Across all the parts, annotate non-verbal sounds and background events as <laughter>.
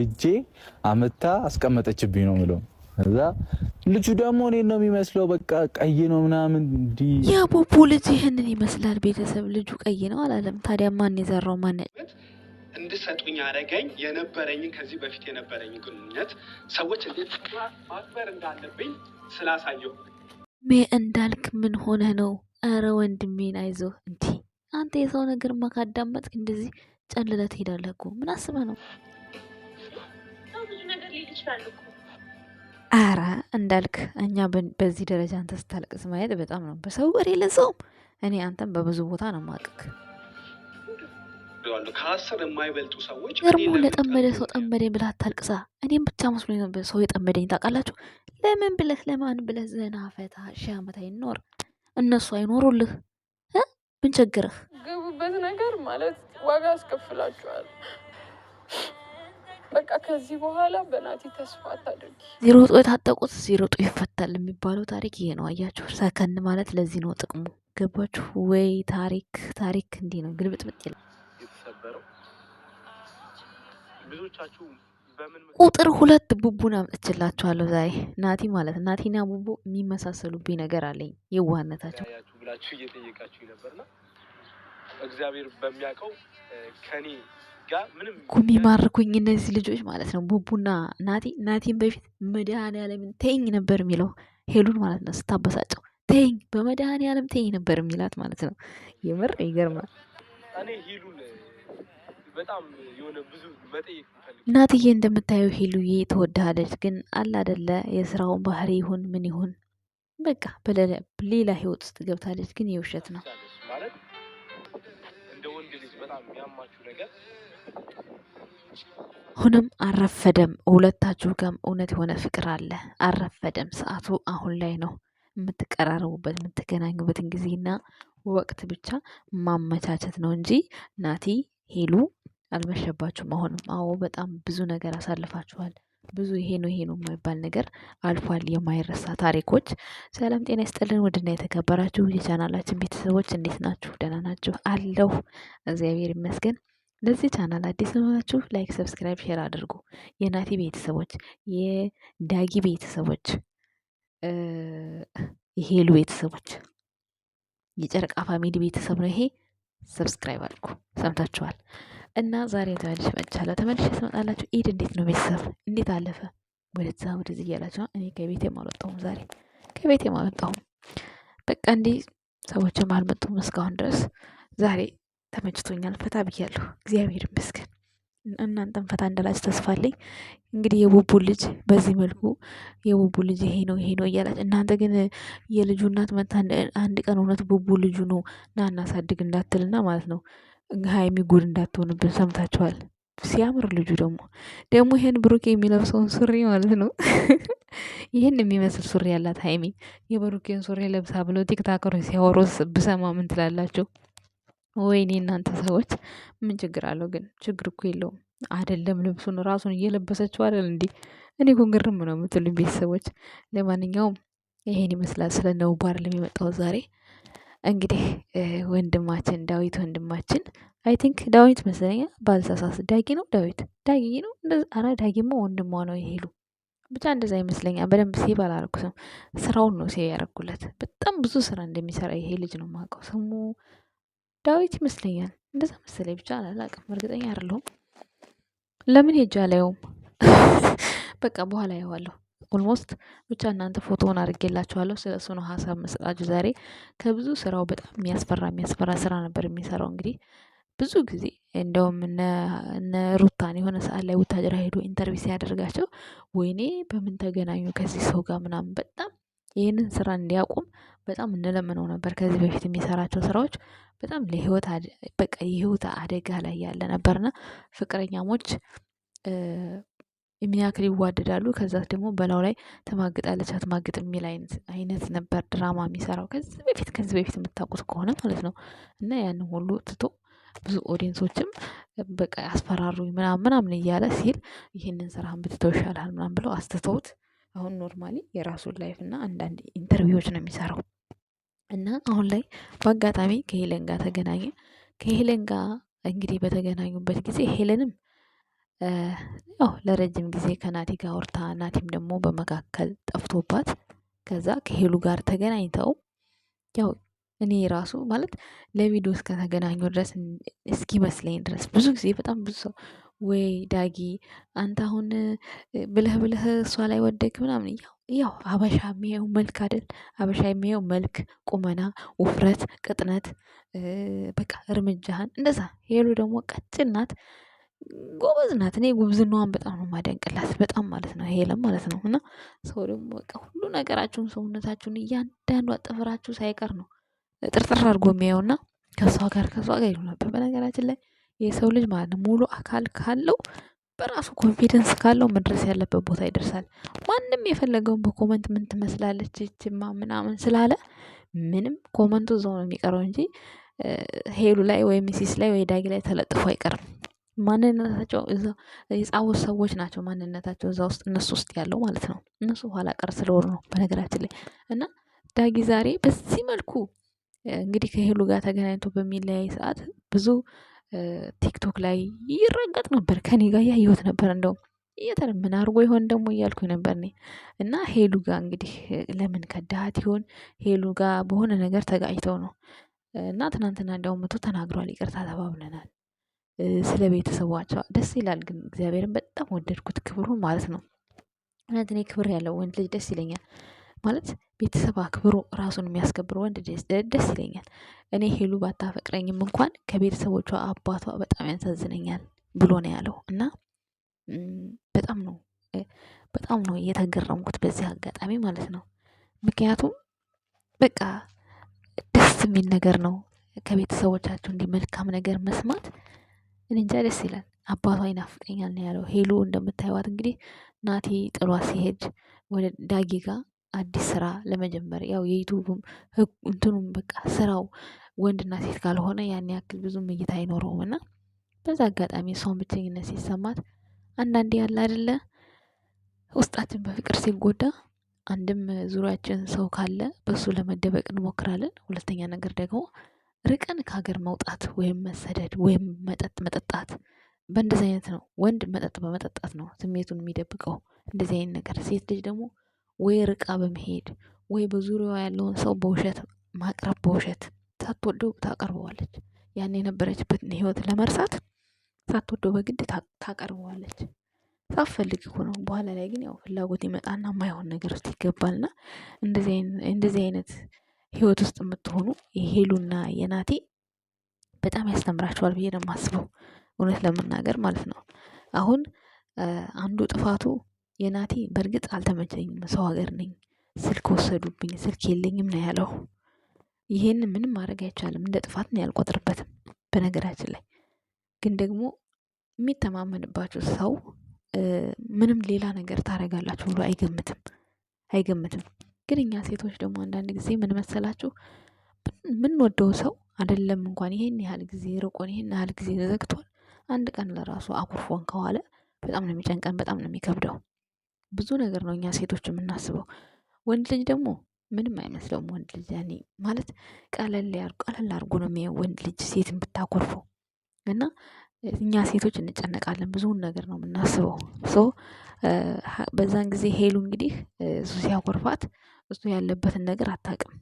ልጄ አመታ አስቀመጠችብኝ ነው ምለው። እዛ ልጁ ደግሞ እኔ ነው የሚመስለው፣ በቃ ቀይ ነው ምናምን እንዲ የቦቦ ልጅ ይህንን ይመስላል። ቤተሰብ ልጁ ቀይ ነው አላለም። ታዲያ ማን የዘራው ማን እንድሰጡኝ አደረገኝ። የነበረኝን ከዚህ በፊት የነበረኝ ግንኙነት ሰዎች እንዴት ማክበር እንዳለብኝ ስላሳየሁ ሜ እንዳልክ ምን ሆነ ነው? አረ ወንድሜን አይዞ እንዲ አንተ የሰው ነገር ማካዳመጥ እንደዚህ ጨልለ ትሄዳለህ እኮ ምን አስበህ ነው? አረ እንዳልክ እኛ በዚህ ደረጃ አንተ ስታለቅስ ማየት በጣም ነው። በሰው ወሬ ለሰውም እኔ አንተም በብዙ ቦታ ነው ማቅክ ከአስር የማይበልጡ ሰዎች ገርሞ ለጠመደ ሰው ጠመደኝ ብለህ አታልቅሳ። እኔም ብቻ መስሎ ነው ሰው የጠመደኝ ታውቃላችሁ። ለምን ብለህ ለማን ብለህ ዘና ፈታ ሺህ ዓመት አይኖር እነሱ አይኖሩልህ ብንቸግርህ ገቡበት ነገር ማለት ዋጋ አስከፍላችኋል። በቃ ከዚህ በኋላ በናቲ ተስፋ አታድርጊ። ሲሮጡ የታጠቁት ዜሮ ሲሮጡ ይፈታል የሚባለው ታሪክ ይሄ ነው። አያችሁ፣ ሰከን ማለት ለዚህ ነው ጥቅሙ። ገባችሁ ወይ? ታሪክ ታሪክ እንዲህ ነው ግልብጥብጥ ይላል። ቁጥር ሁለት ቡቡን አምጥችላችኋለሁ ዛሬ ናቲ ማለት ናቲና ቡቡ የሚመሳሰሉብኝ ነገር አለኝ። የዋህነታቸው ብላችሁ እየጠየቃችሁ ነበርና እግዚአብሔር በሚያውቀው ከኔ ጉሚ ይማርኩኝ እነዚህ ልጆች ማለት ነው። ቡቡና ናቲ ናቲን በፊት መድኃኔዓለምን ተይኝ ነበር የሚለው ሄሉን ማለት ነው። ስታበሳጨው ተይኝ በመድኃኔዓለም ተይኝ ነበር የሚላት ማለት ነው። የምር ይገርማል። እናትዬ እንደምታየው ሄሉዬ ተወዳለች። ግን አለ አደለ የስራውን ባህሪ ይሁን ምን ይሁን በቃ በሌላ ህይወት ውስጥ ገብታለች። ግን የውሸት ነው። ሁንም አረፈደም። ሁለታችሁ ጋም እውነት የሆነ ፍቅር አለ። አረፈደም። ሰዓቱ አሁን ላይ ነው። የምትቀራረቡበት የምትገናኙበትን ጊዜና ወቅት ብቻ ማመቻቸት ነው እንጂ ናቲ ሄሉ አልመሸባችሁ አሁንም አዎ፣ በጣም ብዙ ነገር አሳልፋችኋል። ብዙ ይሄ ነው ይሄ ነው የማይባል ነገር አልፏል። የማይረሳ ታሪኮች። ሰላም ጤና ይስጥልን። ውድና የተከበራችሁ የቻናላችን ቤተሰቦች እንዴት ናችሁ? ደህና ናችሁ? አለሁ እግዚአብሔር ይመስገን። ለዚህ ቻናል አዲስ ሆናችሁ ላይክ፣ ሰብስክራይብ፣ ሼር አድርጉ። የናቲ ቤተሰቦች፣ የዳጊ ቤተሰቦች፣ የሄሉ ቤተሰቦች፣ የጨረቃ ፋሚሊ ቤተሰብ ነው ይሄ። ሰብስክራይብ አድርጉ። ሰምታችኋል። እና ዛሬ ተመልሼ መጥቻለሁ። ተመልሼ ስመጣላችሁ ኢድ እንዴት ነው ቤተሰብ እንዴት አለፈ? ወደዛ ወደዚህ እያላችሁ እኔ ከቤቴም አልወጣሁም። ዛሬ ከቤቴም አልወጣሁም። በቃ እንዲህ ሰዎችም አልመጡም እስካሁን ድረስ ዛሬ ተመችቶኛል፣ ፈታ ብያለሁ። እግዚአብሔር ይመስገን። እናንተም ፈታ እንዳላችሁ ተስፋለኝ እንግዲህ የቡቡ ልጅ በዚህ መልኩ የቡቡ ልጅ ይሄ ነው ይሄ ነው እያላችሁ እናንተ ግን የልጁ እናት መታ አንድ ቀን እውነት ቡቡ ልጁ ነው ና እናሳድግ እንዳትልና ማለት ነው ሀይሚ ጉድ እንዳትሆንብን ሰምታችኋል። ሲያምር ልጁ ደግሞ ደግሞ ይሄን ብሩኬ የሚለብሰውን ሱሪ ማለት ነው <laughs> ይህን የሚመስል ሱሪ ያላት ሀይሚ የብሩኬን ሱሪ ለብሳ ብለው ቲክታከሮች ሲያወሩ ብሰማ ምን ትላላችሁ? ወይኔ እናንተ ሰዎች ምን ችግር አለው ግን? ችግር እኮ የለውም አይደለም። ልብሱን ራሱን እየለበሰችው አይደል እንዴ? እኔ እኮ ግርም ነው የምትሉ ቤተሰቦች። ለማንኛውም ይሄን ይመስላል ስለ ነውባር ለሚመጣው ዛሬ እንግዲህ ወንድማችን ዳዊት ወንድማችን አይ ቲንክ ዳዊት መሰለኛል ባልሳሳስ ዳጊ ነው ዳዊት ዳጊ ነው ኧረ ዳጊማ ወንድሟ ነው ይሄሉ ብቻ እንደዛ ይመስለኛል በደንብ ሴብ አላረኩትም ስራውን ነው ሴብ ያረኩለት በጣም ብዙ ስራ እንደሚሰራ ይሄ ልጅ ነው የማውቀው ስሙ ዳዊት ይመስለኛል። እንደዛ መሰለኝ ብቻ አላላቅም፣ እርግጠኛ አይደለሁም። ለምን ሄጃ አላየውም? <laughs> በቃ በኋላ ያዋለሁ። ኦልሞስት ብቻ እናንተ ፎቶውን አድርጌላችኋለሁ። ስለ እሱ ነው ሀሳብ መስጣችሁ ዛሬ። ከብዙ ስራው በጣም የሚያስፈራ የሚያስፈራ ስራ ነበር የሚሰራው። እንግዲህ ብዙ ጊዜ እንደውም እነ ሩታን የሆነ ሰዓት ላይ ውታጅራ ሄዶ ኢንተርቪው ሲያደርጋቸው ወይኔ በምን ተገናኙ ከዚህ ሰው ጋር ምናምን በጣም ይህንን ስራ እንዲያቁም በጣም እንለምነው ነበር። ከዚህ በፊት የሚሰራቸው ስራዎች በጣም ለህይወት በቃ የህይወት አደጋ ላይ ያለ ነበርና ፍቅረኛሞች ምን ያክል ይዋደዳሉ ከዛ ደግሞ በላው ላይ ትማግጣለች አትማግጥ የሚል አይነት ነበር ድራማ የሚሰራው ከዚህ በፊት ከዚህ በፊት የምታውቁት ከሆነ ማለት ነው። እና ያንን ሁሉ ትቶ ብዙ ኦዲየንሶችም በቃ አስፈራሩኝ ምናምን ምናምን እያለ ሲል ይህንን ስራህን ብትተው ይሻልሃል ምናምን ብለው አስተተውት አሁን ኖርማሊ የራሱን ላይፍ እና አንዳንድ ኢንተርቪዎች ነው የሚሰራው እና አሁን ላይ በአጋጣሚ ከሄለን ጋር ተገናኘ። ከሄለን ጋር እንግዲህ በተገናኙበት ጊዜ ሄለንም ያው ለረጅም ጊዜ ከናቲ ጋር አውርታ ናቲም ደግሞ በመካከል ጠፍቶባት ከዛ ከሄሉ ጋር ተገናኝተው ያው እኔ ራሱ ማለት ለቪዲዮ እስከተገናኙ ድረስ እስኪመስለኝ ድረስ ብዙ ጊዜ በጣም ብዙ ሰው ወይ ዳጊ አንተ አሁን ብለህ ብለህ እሷ ላይ ወደግ ምናምን ያው ያው ሀበሻ የሚያየው መልክ አይደል ሀበሻ የሚያየው መልክ፣ ቁመና፣ ውፍረት፣ ቅጥነት በቃ እርምጃህን እንደዛ። ሄሉ ደግሞ ቀጭን ናት፣ ጎበዝ ናት። እኔ ጉብዝናዋን በጣም ነው ማደንቅላት፣ በጣም ማለት ነው ሄለም ማለት ነው። እና ሰው ደግሞ በቃ ሁሉ ነገራችሁን ሰውነታችሁን እያንዳንዷ ጥፍራችሁ ሳይቀር ነው ጥርጥር አድርጎ የሚያየውና ከእሷ ጋር ከእሷ ጋር ይሉ ነበር በነገራችን ላይ የሰው ልጅ ማለት ነው ሙሉ አካል ካለው በራሱ ኮንፊደንስ ካለው መድረስ ያለበት ቦታ ይደርሳል። ማንም የፈለገውን በኮመንት ምን ትመስላለች ይችማ ምናምን ስላለ ምንም ኮመንቱ እዛው ነው የሚቀረው እንጂ ሄሉ ላይ ወይም ሚሲስ ላይ ወይ ዳጊ ላይ ተለጥፎ አይቀርም። ማንነታቸው የጻወት ሰዎች ናቸው። ማንነታቸው እዛ ውስጥ እነሱ ውስጥ ያለው ማለት ነው። እነሱ ኋላ ቀር ስለሆኑ ነው በነገራችን ላይ እና ዳጊ ዛሬ በዚህ መልኩ እንግዲህ ከሄሉ ጋር ተገናኝቶ በሚለያይ ሰዓት ብዙ ቲክቶክ ላይ ይረገጥ ነበር ከኔ ጋር ያየሁት ነበር። እንደውም እየተረ ምን አድርጎ ይሆን ደግሞ እያልኩ ነበር እኔ እና ሄሉ ጋር እንግዲህ ለምን ከዳሃት ይሆን? ሄሉ ጋር በሆነ ነገር ተጋጭተው ነው እና ትናንትና እንደውም መቶ ተናግሯል። ይቅርታ ተባብለናል። ስለ ቤተሰቧቸው ደስ ይላል። ግን እግዚአብሔርን በጣም ወደድኩት፣ ክብሩ ማለት ነው። እውነት እኔ ክብር ያለው ወንድ ልጅ ደስ ይለኛል። ማለት ቤተሰብ አክብሮ ራሱን የሚያስከብር ወንድ ደስ ይለኛል። እኔ ሄሉ ባታፈቅረኝም እንኳን ከቤተሰቦቿ አባቷ በጣም ያሳዝነኛል ብሎ ነው ያለው እና በጣም ነው በጣም ነው እየተገረምኩት በዚህ አጋጣሚ ማለት ነው። ምክንያቱም በቃ ደስ የሚል ነገር ነው ከቤተሰቦቻቸው እንዲህ መልካም ነገር መስማት እኔ እንጃ ደስ ይላል። አባቷ ይናፍቀኛል ነው ያለው። ሄሉ እንደምታይዋት እንግዲህ ናቲ ጥሏ ሲሄድ ወደ ዳጊ አዲስ ስራ ለመጀመር ያው የዩቱቡም እንትኑም በቃ ስራው ወንድና ሴት ካልሆነ ያን ያክል ብዙም እይታ አይኖረውም እና በዛ አጋጣሚ ሰውን ብቸኝነት ሲሰማት አንዳንዴ ያለ አይደለ ውስጣችን በፍቅር ሲጎዳ አንድም ዙሪያችን ሰው ካለ በሱ ለመደበቅ እንሞክራለን። ሁለተኛ ነገር ደግሞ ርቀን ከሀገር መውጣት ወይም መሰደድ ወይም መጠጥ መጠጣት በእንደዚህ አይነት ነው። ወንድ መጠጥ በመጠጣት ነው ስሜቱን የሚደብቀው እንደዚህ አይነት ነገር። ሴት ልጅ ደግሞ ወይ ርቃ በመሄድ ወይ በዙሪያዋ ያለውን ሰው በውሸት ማቅረብ በውሸት ሳትወደው ታቀርበዋለች። ያን የነበረችበትን ህይወት ለመርሳት ሳትወደው በግድ ታቀርበዋለች። ሳፈልግ እኮ ነው። በኋላ ላይ ግን ያው ፍላጎት ይመጣና ማይሆን ነገር ውስጥ ይገባልና እንደዚህ አይነት ህይወት ውስጥ የምትሆኑ የሄሉና የናቲ በጣም ያስተምራቸዋል ብዬ ነው የማስበው። እውነት ለመናገር ማለት ነው። አሁን አንዱ ጥፋቱ የናቲ በእርግጥ አልተመቸኝም። ሰው ሀገር ነኝ፣ ስልክ ወሰዱብኝ፣ ስልክ የለኝም ነው ያለው። ይህን ምንም ማድረግ አይቻልም፣ እንደ ጥፋት ነው ያልቆጥርበትም። በነገራችን ላይ ግን ደግሞ የሚተማመንባቸው ሰው ምንም ሌላ ነገር ታደርጋላችሁ ብሎ አይገምትም አይገምትም። ግን እኛ ሴቶች ደግሞ አንዳንድ ጊዜ ምን መሰላችሁ ምንወደው ሰው አይደለም እንኳን ይሄን ያህል ጊዜ ርቆን ይሄን ያህል ጊዜ ዘግቶን አንድ ቀን ለራሱ አኩርፎን ከዋለ በጣም ነው የሚጨንቀን፣ በጣም ነው የሚከብደው። ብዙ ነገር ነው እኛ ሴቶች የምናስበው። ወንድ ልጅ ደግሞ ምንም አይመስለውም። ወንድ ልጅ ያኔ ማለት ቀለል ቀለል ነው የሚያየው ወንድ ልጅ ሴትን ብታኮርፈው እና እኛ ሴቶች እንጨነቃለን ብዙውን ነገር ነው የምናስበው። ሶ በዛን ጊዜ ሄሉ እንግዲህ እሱ ሲያኮርፋት እሱ ያለበትን ነገር አታቅም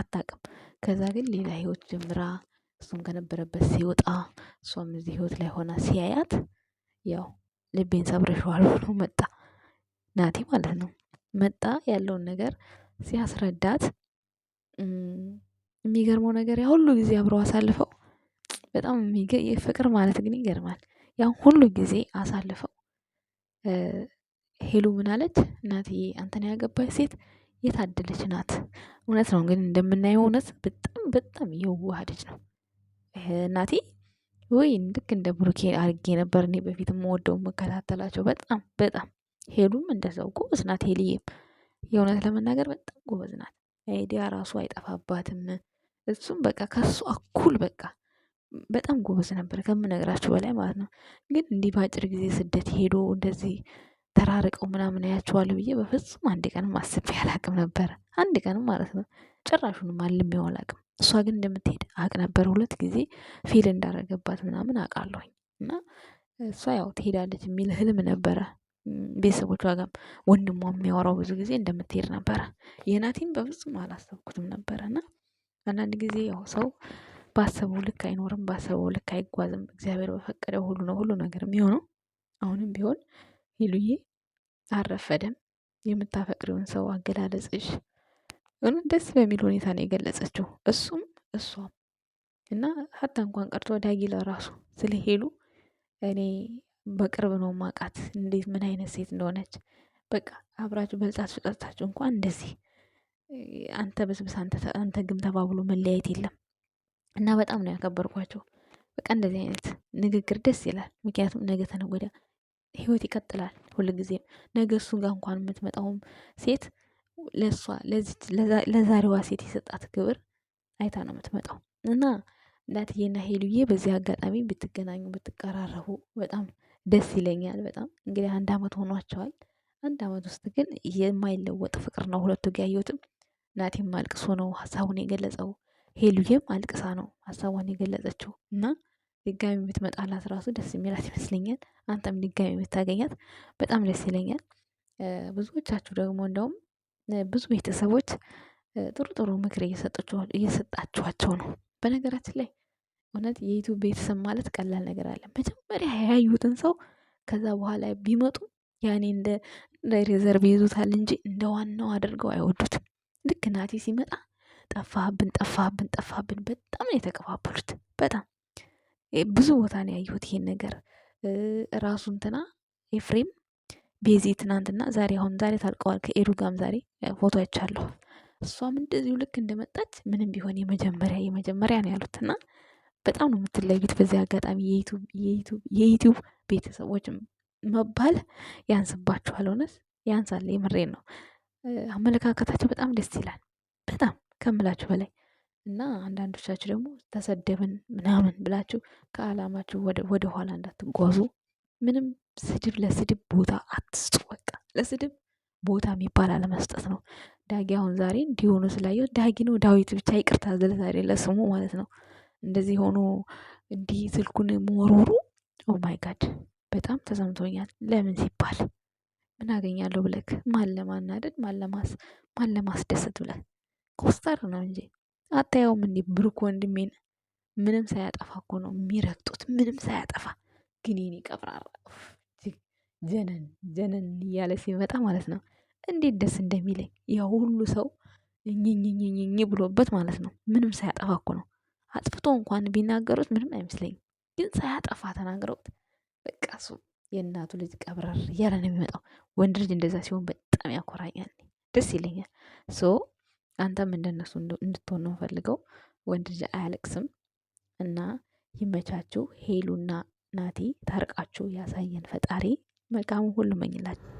አታቅም። ከዛ ግን ሌላ ህይወት ጀምራ እሱም ከነበረበት ሲወጣ እሷም እዚህ ህይወት ላይ ሆና ሲያያት ያው ልቤን ሰብረሸዋል ብሎ መጣ ናቲ ማለት ነው መጣ ያለውን ነገር ሲያስረዳት የሚገርመው ነገር ያ ሁሉ ጊዜ አብረው አሳልፈው በጣም ፍቅር ማለት ግን ይገርማል። ያ ሁሉ ጊዜ አሳልፈው ሄሉ ምን አለች? አንተን ያገባች ሴት የታደለች ናት። እውነት ነው ግን እንደምናየው እውነት በጣም በጣም የዋህደች ነው እናቴ። ወይ ልክ እንደ ብሩኬ አድርጌ ነበር እኔ በፊት የምወደው የምከታተላቸው በጣም በጣም ሄሉም እንደዛው ጎበዝ ናት። ሄልዬም የእውነት ለመናገር በጣም ጎበዝ ናት። አይዲያ ራሱ አይጠፋባትም። እሱም በቃ ከሱ እኩል በቃ በጣም ጎበዝ ነበር ከምነግራችሁ በላይ ማለት ነው። ግን እንዲህ በአጭር ጊዜ ስደት ሄዶ እንደዚህ ተራርቀው ምናምን አያቸዋለሁ ብዬ በፍጹም አንድ ቀንም አስቤ አላቅም ነበረ። አንድ ቀንም ማለት ነው ጭራሹንም አልሜው አላቅም። እሷ ግን እንደምትሄድ አቅ ነበር። ሁለት ጊዜ ፊል እንዳረገባት ምናምን አውቃለሁኝ። እና እሷ ያው ትሄዳለች የሚል ህልም ነበረ ቤተሰቦች ዋጋም ወንድሟ የሚያወራው ብዙ ጊዜ እንደምትሄድ ነበረ። የናቲም በፍጹም አላሰብኩትም ነበረ እና አንዳንድ ጊዜ ያው ሰው ባሰበው ልክ አይኖርም፣ ባሰበው ልክ አይጓዝም። እግዚአብሔር በፈቀደው ሁሉ ነው ሁሉ ነገር የሚሆነው። አሁንም ቢሆን ሄሉዬ አረፈደም። የምታፈቅሪውን ሰው አገላለጽሽ ደስ በሚል ሁኔታ ነው የገለጸችው፣ እሱም እሷም እና ሀታ እንኳን ቀርቶ ዳጊ ለራሱ ስለ ሄሉ እኔ በቅርብ ነው ማቃት እንዴት ምን አይነት ሴት እንደሆነች በቃ አብራችሁ በልጣት ፍጠጣችሁ እንኳን እንደዚህ አንተ በስብስ አንተ ግም ተባብሎ መለያየት የለም እና በጣም ነው ያከበርኳቸው። በቃ እንደዚህ አይነት ንግግር ደስ ይላል። ምክንያቱም ነገ ተነገ ወዲያ ህይወት ይቀጥላል። ጊዜም ነገ እሱ ጋር እንኳን የምትመጣውም ሴት ለእሷ ለዛሬዋ ሴት የሰጣት ክብር አይታ ነው የምትመጣው እና እናትዬና ሄሉዬ በዚህ አጋጣሚ ብትገናኙ ብትቀራረቡ በጣም ደስ ይለኛል በጣም እንግዲህ አንድ አመት ሆኗቸዋል። አንድ አመት ውስጥ ግን የማይለወጥ ፍቅር ነው ሁለቱ ጋር ያየሁትም። ናቲም አልቅሶ ነው ሀሳቡን የገለጸው ሄሉዬም አልቅሳ ነው ሀሳቧን የገለጸችው እና ድጋሚ የምትመጣላት ራሱ ደስ የሚላት ይመስለኛል። አንተም ድጋሚ የምታገኛት በጣም ደስ ይለኛል። ብዙዎቻችሁ ደግሞ እንደውም ብዙ ቤተሰቦች ጥሩ ጥሩ ምክር እየሰጣችኋቸው ነው። በነገራችን ላይ እውነት የዩቱብ ቤተሰብ ማለት ቀላል ነገር አለ። መጀመሪያ ያዩትን ሰው ከዛ በኋላ ቢመጡ ያኔ እንደ ሬዘርቭ ይዙታል እንጂ እንደ ዋናው አድርገው አይወዱትም። ልክ ናቲ ሲመጣ ጠፋብን ጠፋብን ጠፋብን በጣም ነው የተቀባበሉት። በጣም ብዙ ቦታ ነው ያየሁት ይሄን ነገር ራሱ እንትና ኤፍሬም ቤዚ ትናንትና ዛሬ አሁን ዛሬ ታልቀዋል። ከኤዱ ጋም ዛሬ ፎቶ አይቻለሁ። እሷም እንደዚሁ ልክ እንደመጣች ምንም ቢሆን የመጀመሪያ የመጀመሪያ ነው ያሉትና በጣም ነው የምትለዩት። በዚህ አጋጣሚ የዩቱብ ቤተሰቦች መባል ያንስባችኋል። እውነት ያንሳል። የምሬን ነው። አመለካከታቸው በጣም ደስ ይላል። በጣም ከምላችሁ በላይ እና አንዳንዶቻችሁ ደግሞ ተሰደብን ምናምን ብላችሁ ከዓላማችሁ ወደ ኋላ እንዳትጓዙ። ምንም ስድብ ለስድብ ቦታ አትስጡ። በቃ ለስድብ ቦታ የሚባል አለመስጠት ነው። ዳጊ አሁን ዛሬ እንዲሆኑ ስላየው ዳጊ ነው ዳዊት ብቻ ይቅርታ ስለታደለ ስሙ ማለት ነው። እንደዚህ ሆኖ እንዲህ ስልኩን መወርወሩ ኦ ማይ ጋድ በጣም ተሰምቶኛል። ለምን ሲባል ምን አገኛለሁ ብለክ ማን ለማናደድ ማን ለማስደሰት ብለ ኮስተር ነው እንጂ አታየውም። እንዲ ብሩክ ወንድሜን ምንም ሳያጠፋ እኮ ነው የሚረግጡት፣ ምንም ሳያጠፋ ግን ይህን ይቀብራል። ጀነን ጀነን እያለ ሲመጣ ማለት ነው እንዴት ደስ እንደሚለኝ ያ ሁሉ ሰው እኝኝኝኝኝ ብሎበት ማለት ነው። ምንም ሳያጠፋ እኮ ነው አጥፍቶ እንኳን ቢናገሩት ምንም አይመስለኝም። ግን ሳያጠፋ ተናግረውት በቃ እሱ የእናቱ ልጅ ቀብረር እያለ ነው የሚመጣው። ወንድ ልጅ እንደዛ ሲሆን በጣም ያኮራኛል፣ ደስ ይለኛል። ሶ አንተም እንደነሱ እንድትሆን ነው ፈልገው። ወንድ ልጅ አያለቅስም እና ይመቻችሁ። ሄሉና ናቲ ታርቃችሁ ያሳየን ፈጣሪ። መልካሙ ሁሉ መኝላችሁ።